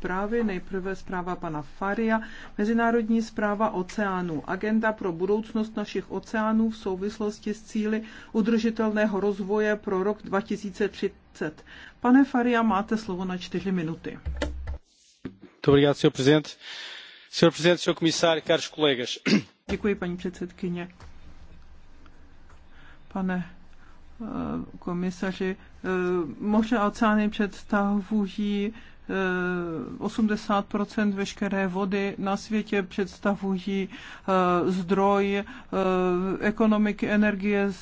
zprávy. Nejprve zpráva pana Faria, Mezinárodní zpráva oceánů. Agenda pro budoucnost našich oceánů v souvislosti s cíly udržitelného rozvoje pro rok 2030. Pane Faria, máte slovo na čtyři minuty. Dobrý den, prezident. prezident, Děkuji, paní předsedkyně. Pane eh, komisaři, eh, moře a oceány představují 80 veškeré vody na světě představují eh, zdroj eh, ekonomiky, energie,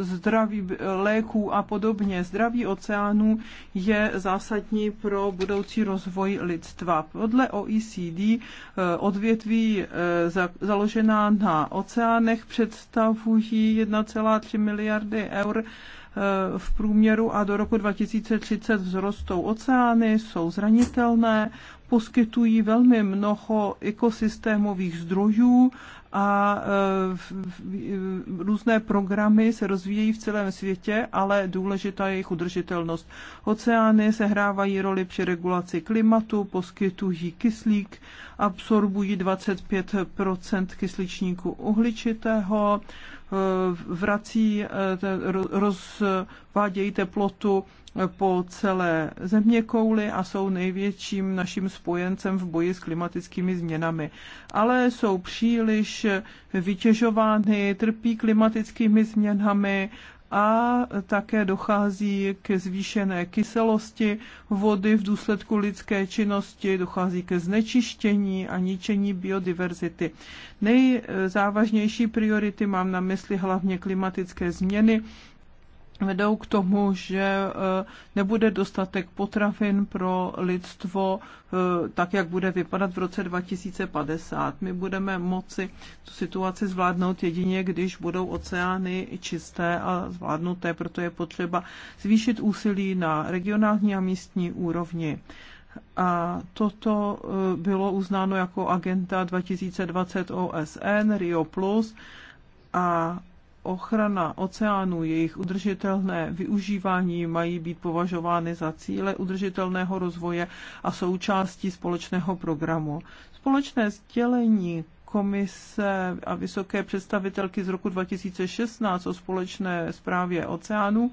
zdraví léků a podobně. Zdraví oceánů je zásadní pro budoucí rozvoj lidstva. Podle OECD eh, odvětví založená na oceánech představují 1,3 miliardy eur Eh, v průměru a do roku 2030 vzrostou oceány, jsou zranitelné, poskytují velmi mnoho ekosystémových zdrojů a eh, různé programy se rozvíjejí v celém světě, ale důležitá je jejich udržitelnost. Oceány sehrávají roli při regulaci klimatu, poskytují kyslík, absorbují 25 kysličníku uhličitého, Eh, vrací, eh, rozvádějí teplotu eh, po celé země kouly a jsou největším naším spojencem v boji s klimatickými změnami. Ale jsou příliš vytěžovány, trpí klimatickými změnami a také dochází ke zvýšené kyselosti vody v důsledku lidské činnosti, dochází ke znečištění a ničení biodiverzity. Nejzávažnější priority mám na mysli hlavně klimatické změny, vedou k tomu, že eh, nebude dostatek potravin pro lidstvo, eh, tak jak bude vypadat v roce 2050. My budeme moci tu situaci zvládnout jedině, když budou oceány čisté a zvládnuté, proto je potřeba zvýšit úsilí na regionální a místní úrovni. A toto eh, bylo uznáno jako agenta 2020 OSN Rio Plus a ochrana oceánů, jejich udržitelné využívání mají být považovány za cíle udržitelného rozvoje a součástí společného programu. Společné sdělení komise a vysoké představitelky z roku 2016 o společné zprávě oceánů,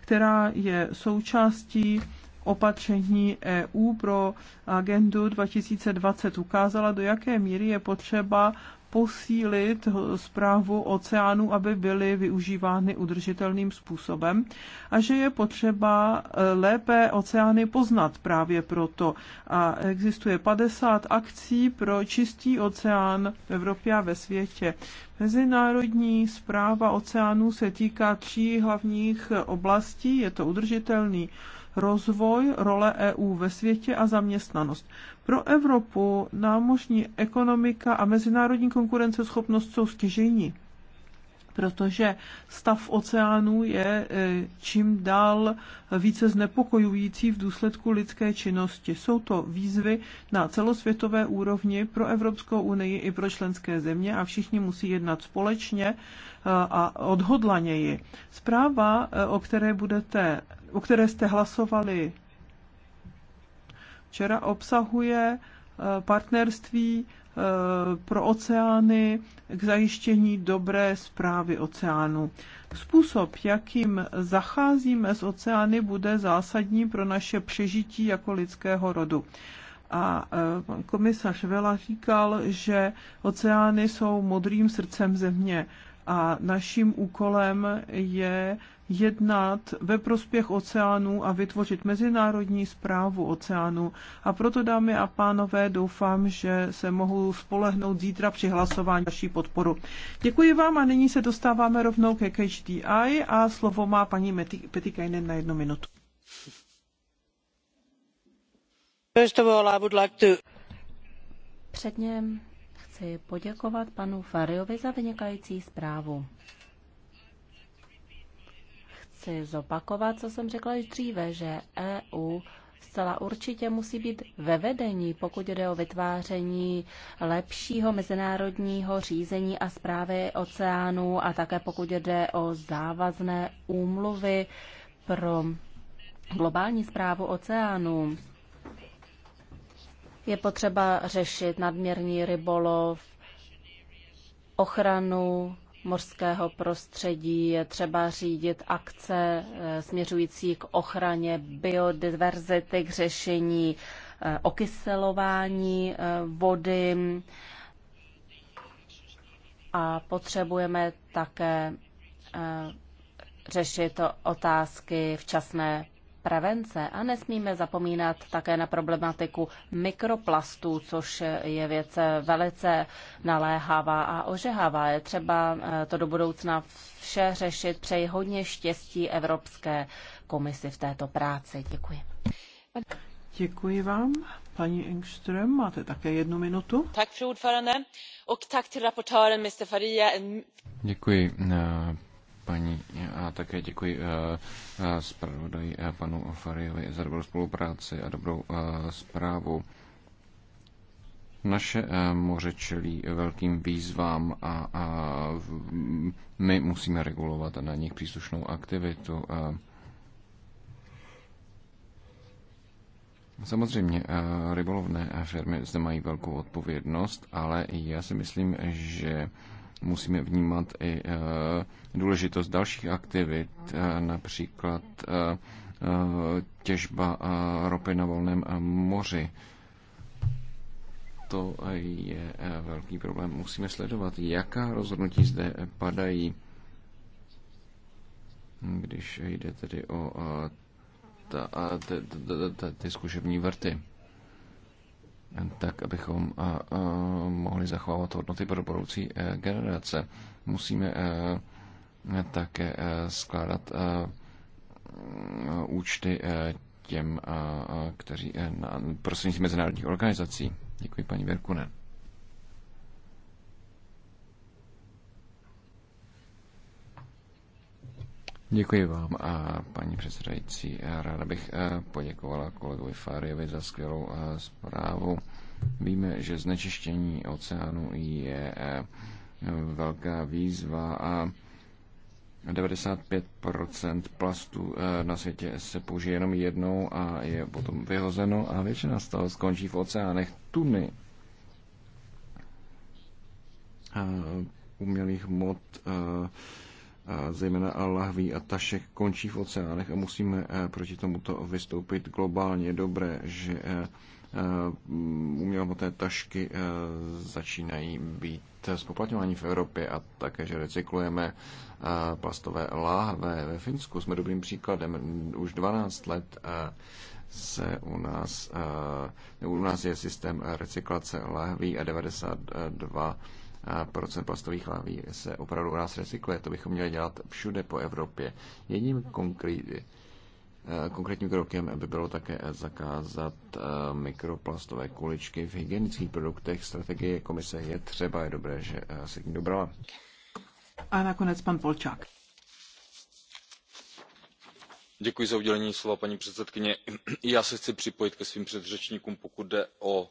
která je součástí opatření EU pro agendu 2020 ukázala, do jaké míry je potřeba posílit zprávu oceánů, aby byly využívány udržitelným způsobem a že je potřeba eh, lépe oceány poznat právě proto. A existuje 50 akcí pro čistý oceán v Evropě a ve světě. Mezinárodní zpráva oceánů se týká tří hlavních oblastí. Je to udržitelný rozvoj, role EU ve světě a zaměstnanost. Pro Evropu námořní ekonomika a mezinárodní konkurenceschopnost jsou stěžejní protože stav oceánů je e, čím dál více znepokojující v důsledku lidské činnosti. Jsou to výzvy na celosvětové úrovni pro Evropskou unii i pro členské země a všichni musí jednat společně e, a odhodlaněji. Zpráva, e, o které budete o které jste hlasovali včera, obsahuje eh, partnerství eh, pro oceány k zajištění dobré zprávy oceánu. Způsob, jakým zacházíme s oceány, bude zásadní pro naše přežití jako lidského rodu. A eh, pan komisař Vela říkal, že oceány jsou modrým srdcem země a naším úkolem je jednat ve prospěch oceánů a vytvořit mezinárodní zprávu oceánů. A proto, dámy a pánové, doufám, že se mohu spolehnout zítra při hlasování vaší podporu. Děkuji vám a nyní se dostáváme rovnou ke HDI a slovo má paní Petikainen na jednu minutu. Předně chci poděkovat panu Fariovi za vynikající zprávu chci zopakovat, co jsem řekla již dříve, že EU zcela určitě musí být ve vedení, pokud jde o vytváření lepšího mezinárodního řízení a zprávy oceánů a také pokud jde o závazné úmluvy pro globální zprávu oceánů. Je potřeba řešit nadměrný rybolov, ochranu mořského prostředí, je třeba řídit akce eh, směřující k ochraně biodiverzity, k řešení eh, okyselování eh, vody a potřebujeme také řešit otázky včasné prevence a nesmíme zapomínat také na problematiku mikroplastů, což je věc velice naléhavá a ožehavá. Je třeba eh, to do budoucna vše řešit. Přeji hodně štěstí Evropské komisi v této práci. Děkuji. Děkuji vám. Paní Engström, máte také jednu minutu. Tak, fru ordförande. Mr. Faria. Děkuji, eh, paní a také děkuji eh, eh, zpravodaji eh, panu Fariovi za dobrou spolupráci a dobrou zprávu. Naše moře čelí velkým výzvám a, a my musíme regulovat na nich příslušnou aktivitu. Samozřejmě, rybolovné firmy zde mají velkou odpovědnost, ale já si myslím, že musíme vnímat i důležitost dalších aktivit, například těžba ropy na volném moři. To je velký problém. Musíme sledovat, jaká rozhodnutí zde padají, když jde tedy o ty zkušební vrty tak abychom mohli zachovávat hodnoty pro budoucí e, generace. Musíme e, také e, skládat účty těm, kteří prostřednictvím mezinárodních organizací. Děkuji paní Verkunen. Děkuji vám a paní předsedající. Ráda bych eh, poděkovala kolegovi Fáriovi za skvělou eh, zprávu. Víme, že znečištění oceánu je eh, velká výzva a 95% plastu na světě se použije jenom jednou a je potom vyhozeno a většina z toho skončí v oceánech tuny umělých mod zejména lahví a tašek končí v oceánech a musíme eh, proti tomuto vystoupit globálně. dobré, že eh, eh, umělohmotné tašky začínají být spoplatňování v Evropě a také, že recyklujeme plastové láhve. Ve Finsku jsme dobrým příkladem. Už 12 let se u nás, u nás je systém recyklace láhví a 92 procent plastových láví se opravdu u nás recykluje. To bychom měli dělat všude po Evropě. Jedním konkrétním eh, Konkrétním krokem by bylo také zakázat eh, mikroplastové kuličky v hygienických produktech. Strategie komise je třeba, je dobré, že eh, se k ní dobrala. A nakonec pan Polčák. Děkuji za udělení slova, paní předsedkyně. já se chci připojit ke svým předřečníkům, pokud jde o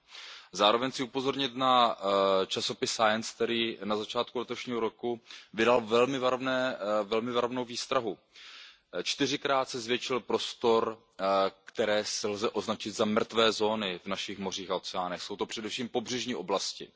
zároveň chci upozornit na eh, časopis science který na začátku letošního roku vydal velmi eh, varovnou výstrahu čtyřikrát se zvětšil prostor eh, který lze označit za mrtvé zóny v našich mořích a oceánech jsou to především pobřežní oblasti.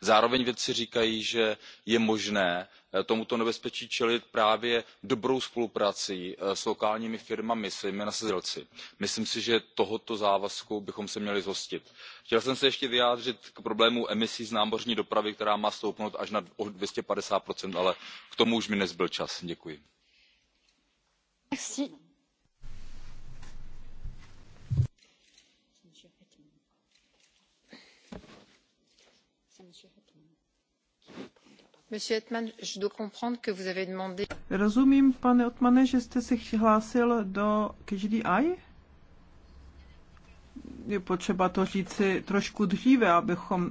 zároveň vědci říkají že je možné eh, tomuto nebezpečí čelit právě dobrou spoluprací eh, s lokálními firmami zejména se zemědělci. myslím si že tohoto závazku bychom se měli zhostit. chtěl jsem se ještě vyjádřit k problému emisí z námořní dopravy která má stoupnout až na two hundred and fifty ale k tomu už mi nezbyl čas. děkuji. Rozumím, pane Otmane, že jste se hlásil do KGDI? Je potřeba to říci trošku dříve, abychom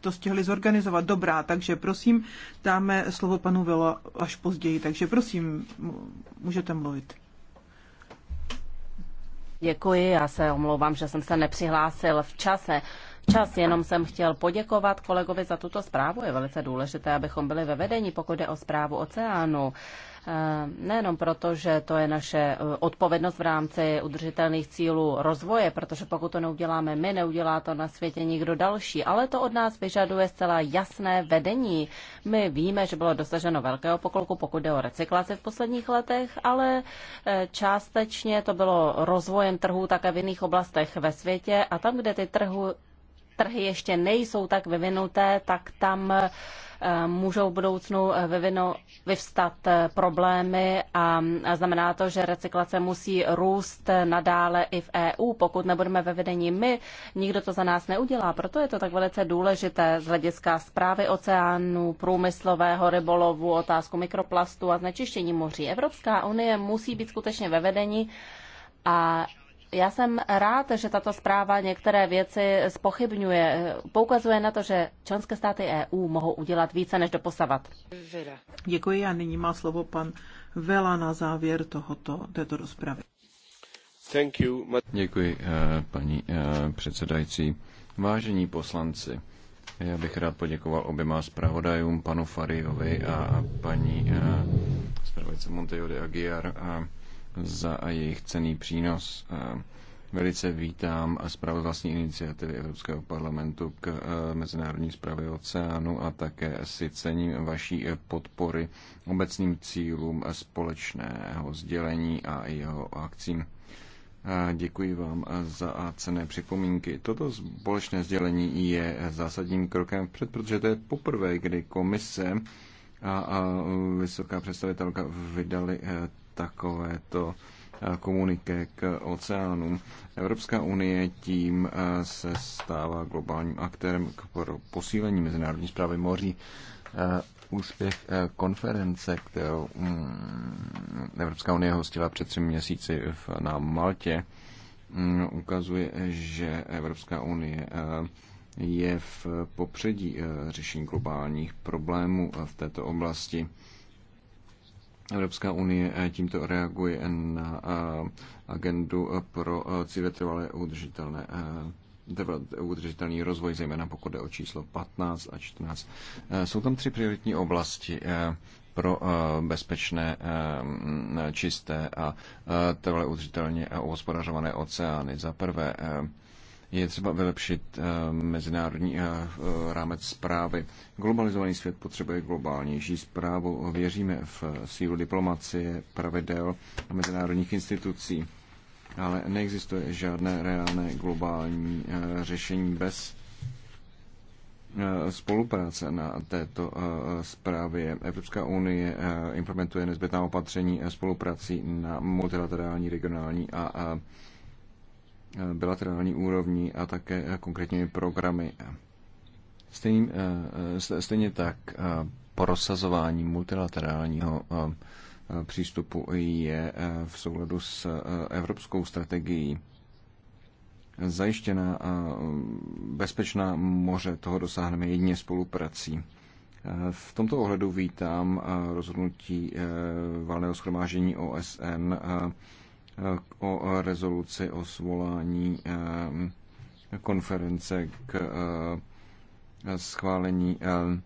to stihli zorganizovat. Dobrá, takže prosím, dáme slovo panu Velo až později. Takže prosím, můžete mluvit. Děkuji, já se omlouvám, že jsem se nepřihlásil v čase. Čas, jenom jsem chtěl poděkovat kolegovi za tuto zprávu. Je velice důležité, abychom byli ve vedení, pokud jde o zprávu oceánu. Eh, nejenom proto, že to je naše eh, odpovědnost v rámci udržitelných cílů rozvoje, protože pokud to neuděláme my, neudělá to na světě nikdo další, ale to od nás vyžaduje zcela jasné vedení. My víme, že bylo dosaženo velkého pokroku, pokud jde o recyklaci v posledních letech, ale eh, částečně to bylo rozvojem trhů také v jiných oblastech ve světě a tam, kde ty trhu, trhy ještě nejsou tak vyvinuté, tak tam eh, můžou v budoucnu eh, vyvinout, vyvstat eh, problémy a znamená to, že recyklace musí růst nadále i v EU. Pokud nebudeme ve vedení my, nikdo to za nás neudělá. Proto je to tak velice důležité z hlediska zprávy oceánu, průmyslového rybolovu, otázku mikroplastu a znečištění moří. Evropská unie musí být skutečně ve vedení a já jsem rád, že tato zpráva některé věci spochybňuje. Poukazuje na to, že členské státy EU mohou udělat více než doposavat. Děkuji a nyní má slovo pan Vela na závěr tohoto, této rozpravy. Děkuji, eh, paní eh, předsedající. Vážení poslanci, já bych rád poděkoval oběma zpravodajům, panu Fariovi a paní eh, zpravodajce Montejo de Aguiar. A za jejich cený přínos. Velice vítám zprávu vlastní iniciativy Evropského parlamentu k e, mezinárodní zprávě oceánu a také si cením vaší e, podpory obecným cílům společného sdělení a jeho akcím. E, děkuji vám za cené připomínky. Toto společné sdělení je zásadním krokem vpřed, protože to je poprvé, kdy komise a, a vysoká představitelka vydali takovéto eh, komuniké k oceánům. Evropská unie tím eh, se stává globálním aktérem k posílení mezinárodní zprávy moří. Eh, úspěch konference, kterou mm, Evropská unie hostila před třemi měsíci na Maltě, mm, ukazuje, že Evropská unie je v popředí řešení globálních problémů v této oblasti. Evropská unie eh, tímto reaguje na eh, agendu eh, pro cíle trvalé udržitelné udržitelný rozvoj, zejména pokud jde o číslo 15 a 14. Jsou tam tři prioritní oblasti pro bezpečné, čisté a trvalé udržitelně hospodařované oceány. Za prvé je třeba vylepšit eh, mezinárodní eh, eh, rámec zprávy. Globalizovaný svět potřebuje globálnější zprávu. Věříme v sílu diplomacie, pravidel a mezinárodních institucí. Ale neexistuje žádné reálné globální řešení bez spolupráce na této zprávě. Evropská unie implementuje nezbytná opatření spoluprací na multilaterální, regionální a bilaterální úrovní a také eh, konkrétními programy. Stejným, eh, stejně tak eh, prosazování multilaterálního přístupu je v souladu s evropskou strategií zajištěná a bezpečná moře, toho dosáhneme jedině spoluprací. V tomto ohledu vítám rozhodnutí valného schromáždění OSN o rezoluci o svolání eh, konference k eh, schválení eh,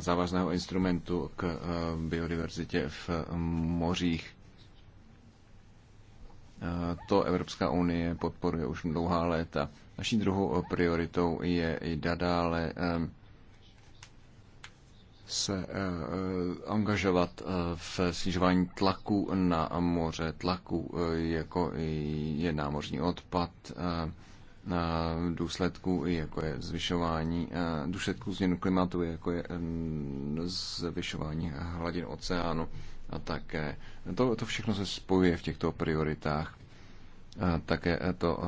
závazného instrumentu k biodiverzitě v mořích. To Evropská unie podporuje už dlouhá léta. Naší druhou prioritou je i nadále se eh, eh, angažovat eh, v snižování tlaku na moře, tlaku jako je námořní odpad, důsledků, jako je zvyšování, důsledků změnu klimatu, jako je zvyšování hladin oceánu a také to, to všechno se spojuje v těchto prioritách. Také to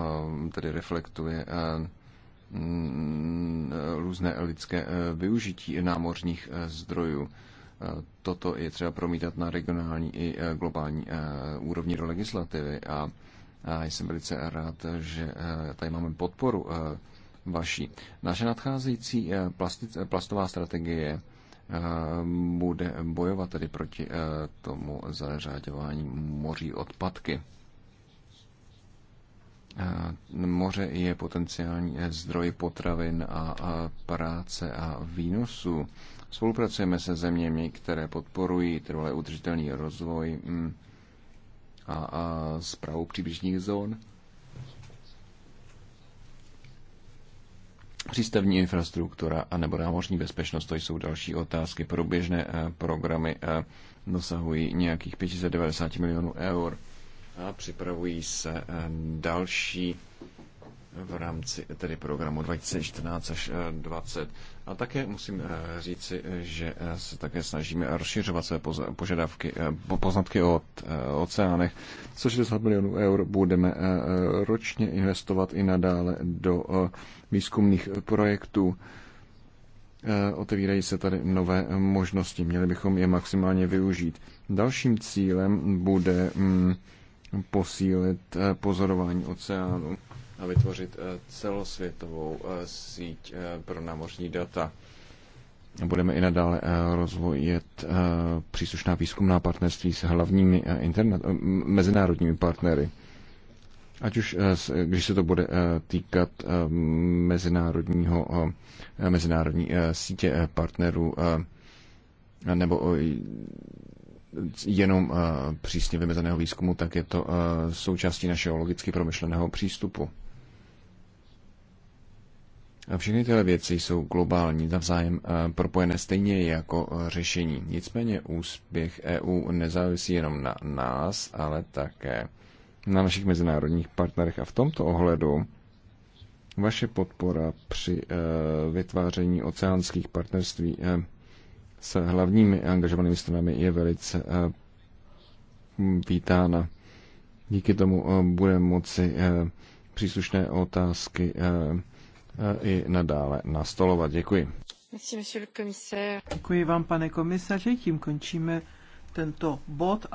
tedy reflektuje Mm, různé lidské eh, využití námořních eh, zdrojů. Eh, toto je třeba promítat na regionální i globální úrovni do legislativy a jsem velice rád, že tady máme podporu vaší. Naše nadcházející plastová strategie bude bojovat tedy proti tomu zařáďování moří odpadky. Eh, moře je potenciální zdroj potravin a práce a výnosů. Spolupracujeme se zeměmi, které podporují trvalý udržitelný rozvoj mm, a, zprávu příbližních zón. Přístavní infrastruktura a nebo námořní bezpečnost, to jsou další otázky. Průběžné eh, programy eh, dosahují nějakých 590 milionů eur a připravují se eh, další v rámci tedy programu 2014 až 20. Eh, a také musím eh, říci, že se také snažíme rozšiřovat své požadavky, poznatky od oceánech. 160 milionů eur budeme ročně investovat i nadále do výzkumných projektů. Otevírají se tady nové možnosti, měli bychom je maximálně využít. Dalším cílem bude mm, posílit eh, pozorování oceánu a vytvořit eh, celosvětovou eh, síť pro námořní data. Budeme i nadále rozvojet příslušná výzkumná partnerství s hlavními internet, mezinárodními partnery. Ať už, když se to bude týkat mezinárodního, mezinárodní sítě partnerů nebo jenom eh, přísně vymezeného výzkumu, tak je to eh, součástí našeho logicky promyšleného přístupu. A všechny tyhle věci jsou globální, navzájem eh, propojené stejně jako řešení. Nicméně úspěch EU nezávisí jenom na nás, ale také na našich mezinárodních partnerech. A v tomto ohledu vaše podpora při vytváření oceánských partnerství s hlavními angažovanými stranami je velice eh, vítána. Díky tomu eh, bude moci eh, příslušné otázky i nadále nastolovat. Děkuji. Děkuji vám, pane komisaři. Tím končíme tento bod. A